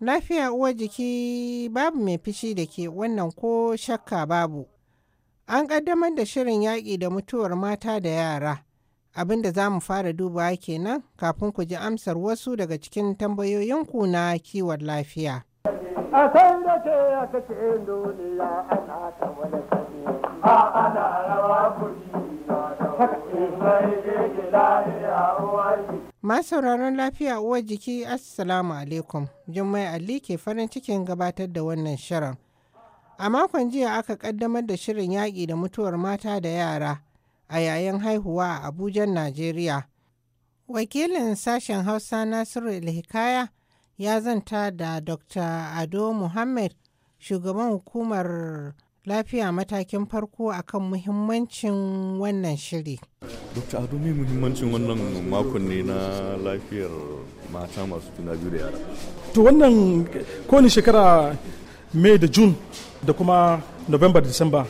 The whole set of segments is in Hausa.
Lafiya uwar jiki babu mai fishi da ke wannan ko shakka babu. An ƙaddamar da shirin yaƙi da mutuwar mata da yara. Abin da za mu fara dubawa kenan kafin ku ji amsar wasu daga cikin tambayoyinku na kiwon lafiya. A ana rawa masauraron Ma lafiya uwar jiki assalamu alaikum jummai ali ke farin cikin gabatar da wannan shirin a makon jiya aka kaddamar da shirin yaƙi da mutuwar mata da yara a yayin haihuwa a abuja najeriya wakilin sashen hausa nasiru ilhikaya ya zanta da dr ado muhammad shugaban hukumar lafiya matakin farko akan muhimmancin wannan shiri. Dokta Ado me muhimmancin wannan makon ne na lafiyar mata masu juna biyu da yara. To wannan kowane shekara Mai da June da kuma November da Disamba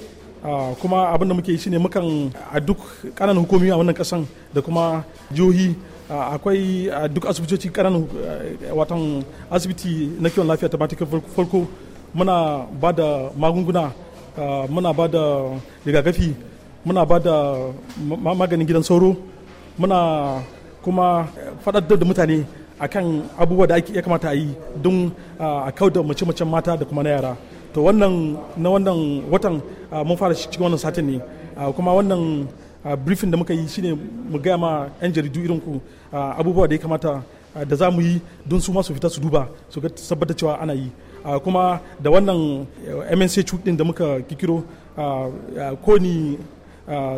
ah, kuma abin da muke yi shine mukan a duk kananan hukumi a wannan kasan da kuma jihohi ah, akwai duk asibitoci kananan eh, watan asibiti na kiwon lafiya ta farko muna ba da magunguna Ah, muna ba da rigakafi muna ba da maganin gidan sauro muna kuma faɗaɗar da mutane a kan abubuwa da ya kamata a yi don ah, a kau da mace-macen mata da kuma na yara to wannan na wannan watan ah, mun fara cikin wannan satin ne kuma wannan briefing da muka yi shine mu gaya ma 'yan jaridu irin ku abubuwa da ya kamata da za mu yi don su masu fita su duba su tabbata cewa ana yi Ah, kuma da wannan eh, mnc cuɗin da muka kikiro ah, ah, ko ni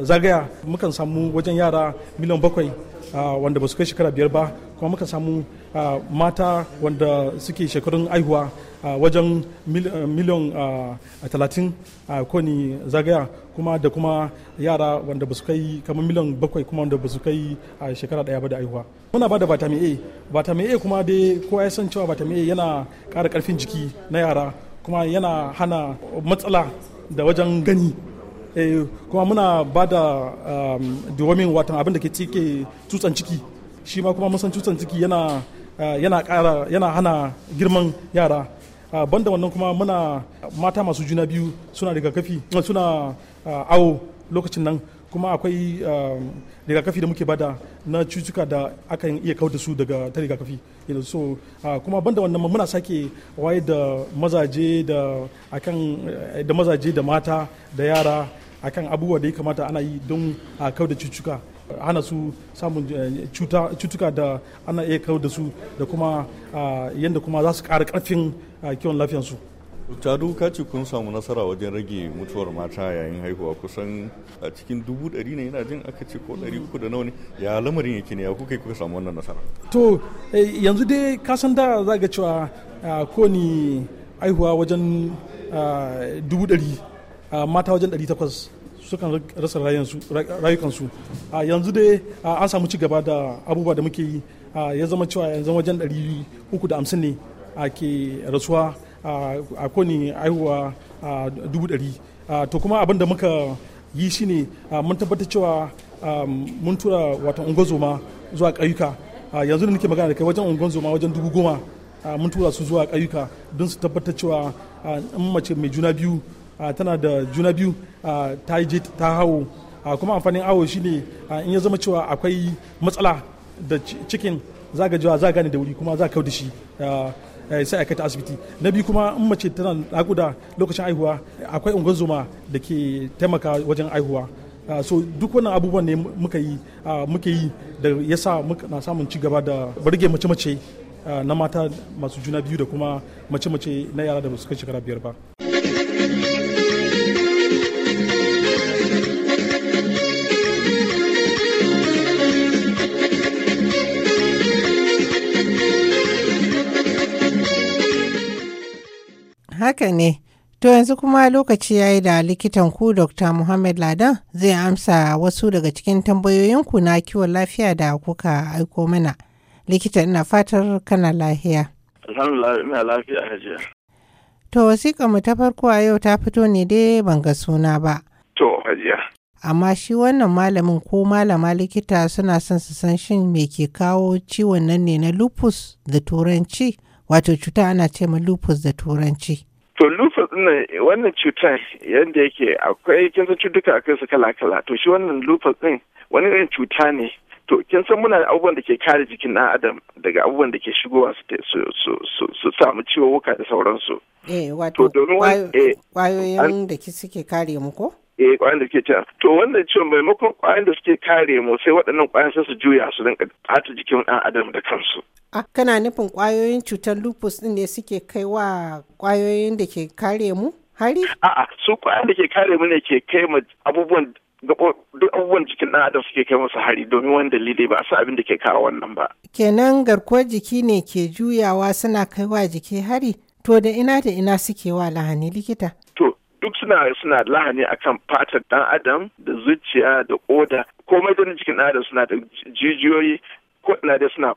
zagaya mukan samu wajen yara miliyan bakwai wanda ba su kai shekara biyar ba kuma muka samu mata wanda suke shekarun aihuwa wajen miliyan talatin a koni zagaya kuma da kuma yara wanda ba su kai kamar miliyan bakwai kuma wanda ba su kai shekara daya ba da aihuwa muna ba da vitamin a vitamin a kuma dai kowa ya san cewa vitamin a yana ƙara ƙarfin jiki na yara kuma yana hana matsala da wajen gani Eh, kuma muna ba da um, deworming watan abin da ke cike tutsan ciki shi ma kuma musan tutsan ciki yana uh, yana ƙara yana hana girman yara uh, banda wannan kuma muna mata masu juna biyu suna rigakafi uh, suna awo lokacin nan kuma akwai um, rigakafi da muke bada na cutuka da aka iya kauda su daga ta rigakafi so kuma banda wannan muna sake waye da mazaje da akan eh, da mazaje da mata da yara akan abubuwa da ya kamata ana yi don a kau da cutuka hana su samun eh, cutuka da ana iya kau da su da kuma ah, yadda kuma za su ƙara ƙarfin ah, kiwon lafiyansu. Tadu ka ce kun samu nasara wajen rage mutuwar mata yayin haihuwa kusan a cikin dubu ɗari ne yana jin aka ce ko ɗari uku da nawa ne ya lamarin yake ne ya kuka kuka samu wannan nasara. To eh, yanzu dai ka san da za ga cewa ah, ko ni haihuwa wajen dubu ɗari mata wajen ɗari takwas sukan rasa rayukansu a yanzu dai an samu ci gaba da abubuwa da muke yi ya zama cewa yanzu wajen 350 ne ke rasuwa a koni aihuwa dubu ɗari to kuma abin da muka yi shine mun tabbatar cewa mun tura wata ungozoma zuwa ƙauyuka yanzu da nake magana da kai wajen ungozoma wajen dubu goma mun tura su zuwa ƙauyuka don su tabbatar cewa in mace mai juna biyu Ah, tana da juna biyu ah, ta yi ta hawo ah, kuma amfanin awo ne in ya zama cewa akwai matsala da cikin za jiwa za gane da wuri kuma za kau da shi eh, sai a kai ta asibiti na biyu kuma in mace tana nakuda lokacin aihuwa akwai ungozoma da ke taimaka wajen aihuwa so duk wannan abubuwan ne muka yi muka yi da ya sa na samun ci gaba da barge mace-mace na mata masu juna biyu da kuma mace-mace na yara da ba su kai shekara biyar ba. haka ne. To yanzu kuma lokaci ya yi da likitan ku Dr. Muhammad Ladan zai amsa wasu daga cikin tambayoyinku na kiwon lafiya da kuka aiko mana. Likita ina fatar kana lafiya. To wasiƙa mu ta farko a yau ta fito ne dai ban ga suna ba. To hajiya. Amma shi wannan malamin ko malama likita suna son su san shin me ke kawo ciwon nan ne na lupus da turanci. wato cuta ana ce ma lupus da turanci to lupus din wannan cuta yadda yake akwai kin san cutuka akai su kala kala to shi wannan lupus din wani irin cuta ne to kin san muna abubuwan da ke kare jikin ɗan adam daga abubuwan da ke shigowa su su su samu ciwo wuka da sauransu eh wato eh, kwayoyin da suke kare mu ko eh kwayan da ke cin to wannan ciwon maimakon kwayan da suke kare mu sai waɗannan kwayan sai su juya su rinka ta jikin ɗan adam da kansu a kana nufin kwayoyin cutar lupus din ne suke kai wa kwayoyin da ke kare mu hari a'a su kwayan da ke kare mu ne ke kai mu abubuwan duk abubuwan jikin ɗan adam suke kai masa hari domin wani dalili ba su abin da ke kawo wannan ba kenan garkuwar jiki ne ke juyawa suna kai wa jiki hari to da ina da ina suke wa lahani likita duk suna suna lahani akan fatar dan adam da zuciya da koda komai da jikin dan adam suna da jijiyoyi ko ina da suna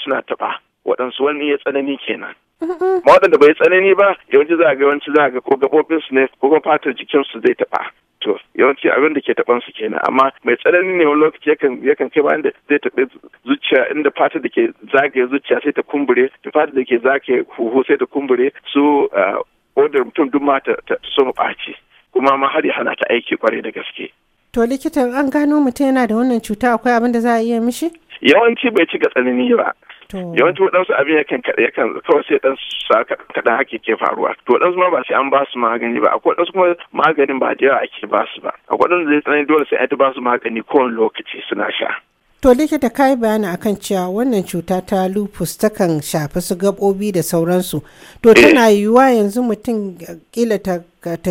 suna taba waɗansu wani ya tsanani kenan mm-hmm. ma waɗanda bai tsanani ba yawanci za ga yawanci za ga ko gabobin su ne ko kuma fatar jikin su zai taba to yawanci abin da ke taban su kenan amma mai tsanani ne wani lokaci yakan yakan kai bayan da zai taɓe zuciya inda fatar da ke zagaye zuciya sai ta kumbure da fatar da ke zagaye huhu sai ta kumbure su ah, odar mutum duk ma ta so ɓaci kuma ma har ya hana ta aiki kwarai da gaske. To likitan an gano mutum yana da wannan cuta akwai abin da za a iya mishi? Yawanci bai cika tsanani ba. Yawanci waɗansu abin yakan yakan kawai sai ɗan kaɗan hake ke faruwa. To waɗansu ma ba sai an ba su magani ba. Akwai waɗansu kuma maganin ba da yawa ake ba su ba. Akwai waɗansu zai tsanani dole sai an ta ba su magani kowane lokaci suna sha. To likita kai bayani akan cewa wannan cuta ta lupus takan shafi su gabobi da sauransu. To eh. tana yiwuwa yanzu mutum kila ta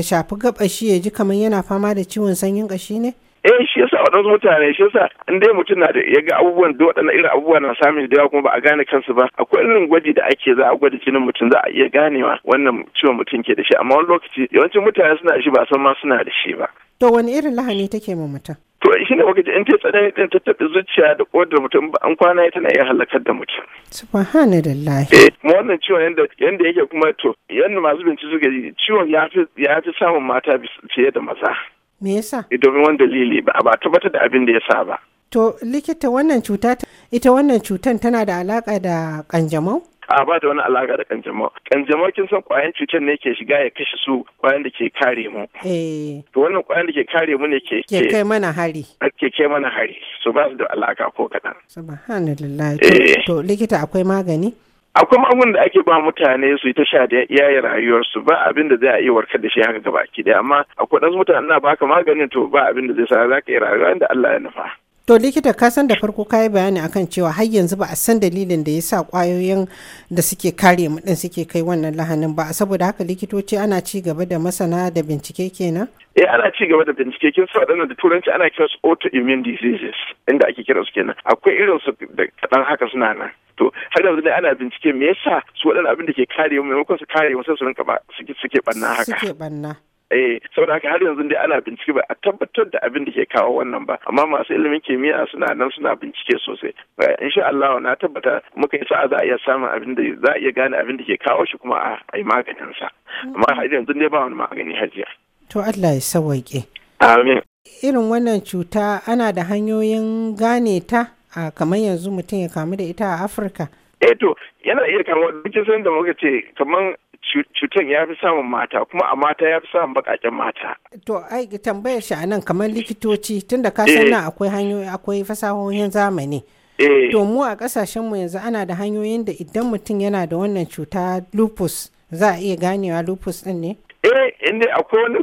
shafi gabar shi ya ji kamar yana fama da ciwon sanyin kashi ne? eh shi yasa waɗansu mutane shi yasa in dai mutum na da ya ga abubuwan da waɗannan irin abubuwa na samun da yawa kuma ba a gane kansu ba akwai irin gwaji da ake za a gwada jinin mutum za a iya ganewa wannan ciwon mutum ke da shi amma wani lokaci yawancin mutane suna da shi ba san ma suna da shi ba. to wani irin lahani take ma mutum. to shi ne wakilci in ta tsanani din ta tafi zuciya da kodar mutum ba an kwana ya tana iya halakar da mutum. Subhanallah. Eh wannan ciwon yadda yanda yake kuma to yadda masu bincike suka yi ciwon ya fi ya fi samun mata fiye da maza. Me yasa? Eh, domin wani dalili ba ba tabbatar da abin da ya sa ba. To likita wannan cuta ita wannan cutan tana da alaƙa da kanjamau? a ba da wani alaka da kanjamau kanjamau kin san kwayan cutar ne ke shiga ya kashe su kwayan da ke kare mu eh. to wannan kwayan da ke kare mu ne ke ke kai mana hari ke kai mana hari so ba su da alaka ko kadan subhanallahi eh. to likita akwai magani akwai magungunan da ake ba mutane su yi ta sha da iyayen rayuwarsu ba abin da zai iya warkar da shi haka gabaki daya amma akwai ɗansu mutane na baka maganin to ba abin da zai sa za ka yi rayuwa inda Allah ya nufa. To likita ka san da farko ka yi bayani akan cewa har yanzu ba a san dalilin da ya sa kwayoyin da suke kare mu din suke kai wannan lahanin ba saboda haka likitoci ana ci gaba da masana da bincike kenan. Eh ana ci gaba da bincike kin sa da turanci ana su autoimmune diseases inda ake su kenan akwai irin su da kadan haka suna nan. to har yanzu dai ana bincike me yasa su waɗannan abin da ke kare mu maimakon su kare mu sai su rinka ba suke banna haka suke banna eh saboda haka har yanzu dai ana bincike ba a tabbatar da abin da ke kawo wannan ba amma masu ilimin kimiyya suna nan suna bincike sosai insha Allah na tabbata muka yi sa'a za a iya samun abin da za a iya gane abin da ke kawo shi kuma a yi maganin sa amma har yanzu dai ba wani magani jiya. to Allah ya sauke amin irin wannan cuta ana da hanyoyin gane ta kamar yanzu mutum ya kamu da ita a Afirka eh to yana iya kamar duk san da muka ce kamar cutan ya fi samun mata kuma a mata ya fi samun bakaken mata. To ai tambayar shi anan kamar likitoci tunda ka san eh. nan akwai hanyoyi akwai fasahohin zamani. Eh. To mu a kasashen yanzu ana da hanyoyin da idan mutum yana da wannan cuta lupus za a iya ganewa lupus din ne? eh inda akwai wani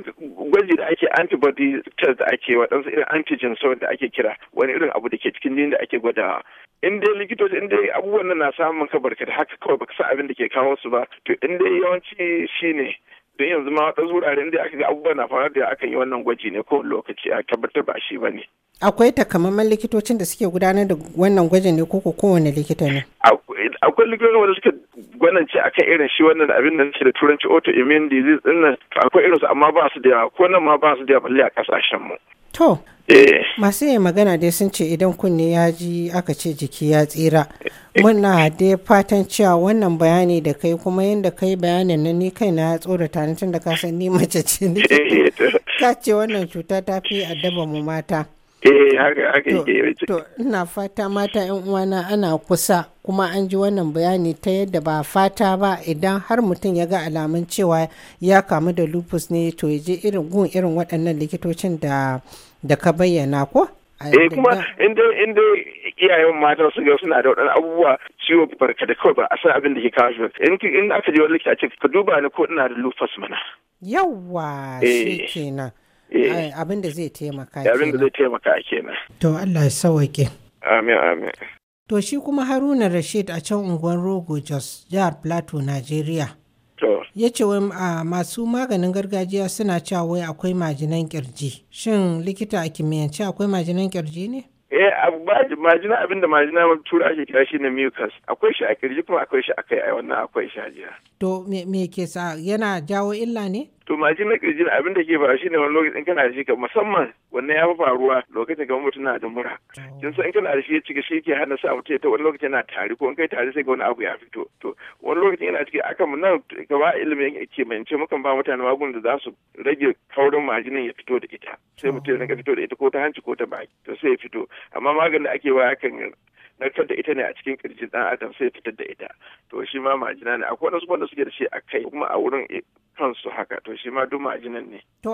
gwaji da ake antibody test da ake waɗansu irin antigen sau da ake kira wani irin abu da ke cikin jini da ake gwadawa in dai likitoci in dai abubuwan nan na samun ka barka da haka kawai baka sa abin da ke kawo su ba to in dai yawanci shine don yanzu ma wata wuraren da aka ga abubuwa na faruwa da aka yi wannan gwaji ne ko lokaci a tabbatar ba shi ba ne. akwai takamaiman likitocin da suke gudanar da wannan gwajin ne ko kowane likita ne. akwai likitocin wanda suka gwanance akan irin shi wannan abin da da turanci autoimmune disease din nan akwai irinsu amma ba su da yawa ko nan ma ba su da yawa balle a kasashen mu. To, eh. masu yin magana dai sun ce idan kunne ya ji aka ce jiki ya tsira. Muna dai fatan cewa wannan bayani da kai kuma yadda kai bayanin na ni kai na tsorata ni tun da ka san ni mace ce ne. Eh, ka ce wannan cuta ta fi addaba mu mata. Eh, haka haka to ina fata mata yan uwana ana kusa kuma an ji wannan bayani ta yadda ba fata ba idan har mutum ya ga alamun cewa ya kamu da lupus ne to ya je irin gun irin waɗannan likitocin da ka bayyana ko eh kuma inda inda iyayen mata su ga suna da waɗannan abubuwa ciwo barka da kawai ba a san abin da ke kawo shi in in aka je wani likita ce ka duba ni ko ina da lupus mana yawwa eh. kenan Eh, abin da zai taimaka abin da zai taimaka kenan to Allah ya sauke amin amin to shi kuma Haruna Rashid a can unguwar Rogo Jos jihar Plateau Nigeria ya ce wai masu maganin gargajiya suna cewa wai akwai majinan kirji shin likita a kimiyyance akwai majinan kirji ne eh majina abin da majina tura shi kira shi na mucus akwai shi a kirji kuma akwai shi a kai a wannan akwai shi a jiya. to me ke sa yana jawo illa ne to majina kirji abin da ke faru shine wani lokacin kana da shi ka musamman wannan ya fi faruwa lokacin kamar mutum na da mura oh. kin san in kana da shi ya cika shi ke hana sa mutum ta wani lokacin yana tari ko in kai tari sai ga wani abu ya fito to wani lokacin yana cikin aka mun nan gaba ilimin ke mai ce mukan ba mutane magun da za su rage kaurin majinin ya fito da ita sai oh. mutum ya fito da ita ko ta hanci ko ta baki to sai ya fito amma maganin da ake wa yakan narkar da ita ne a cikin kirjin dan adam sai fitar da ita to shi ma majina ne akwai wasu wanda suke da shi a kai kuma a wurin kansu haka to shi ma duk majinan ne to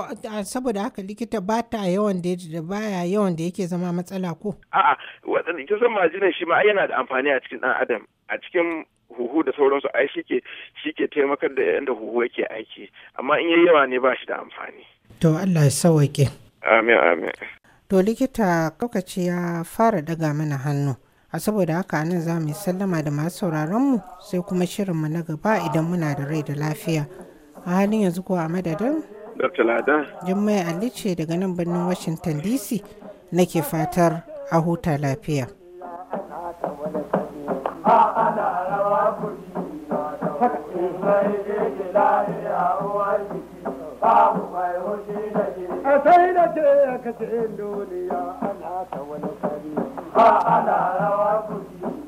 saboda haka likita ba ta yawan da da baya yawan da yake zama matsala ko a'a wannan ita san majinan shi ma yana da amfani a cikin dan adam a cikin huhu da sauransu ai shike shike taimakar da yanda huhu yake aiki amma in yayi yawa ne ba shi da amfani to Allah ya sauke amin amin To likita kaukaci ya fara daga mana hannu. A saboda haka nan za mu sallama da masu sauraronmu sai kuma shirinmu na gaba idan muna da rai da lafiya. A halin yanzu kuwa a madadin? Dr. Lada. Jummai daga nan birnin Washington DC nake fatar a huta lafiya. Thank you. babu da ke a sai da ke duniya ana ta wani kari ba ana rawa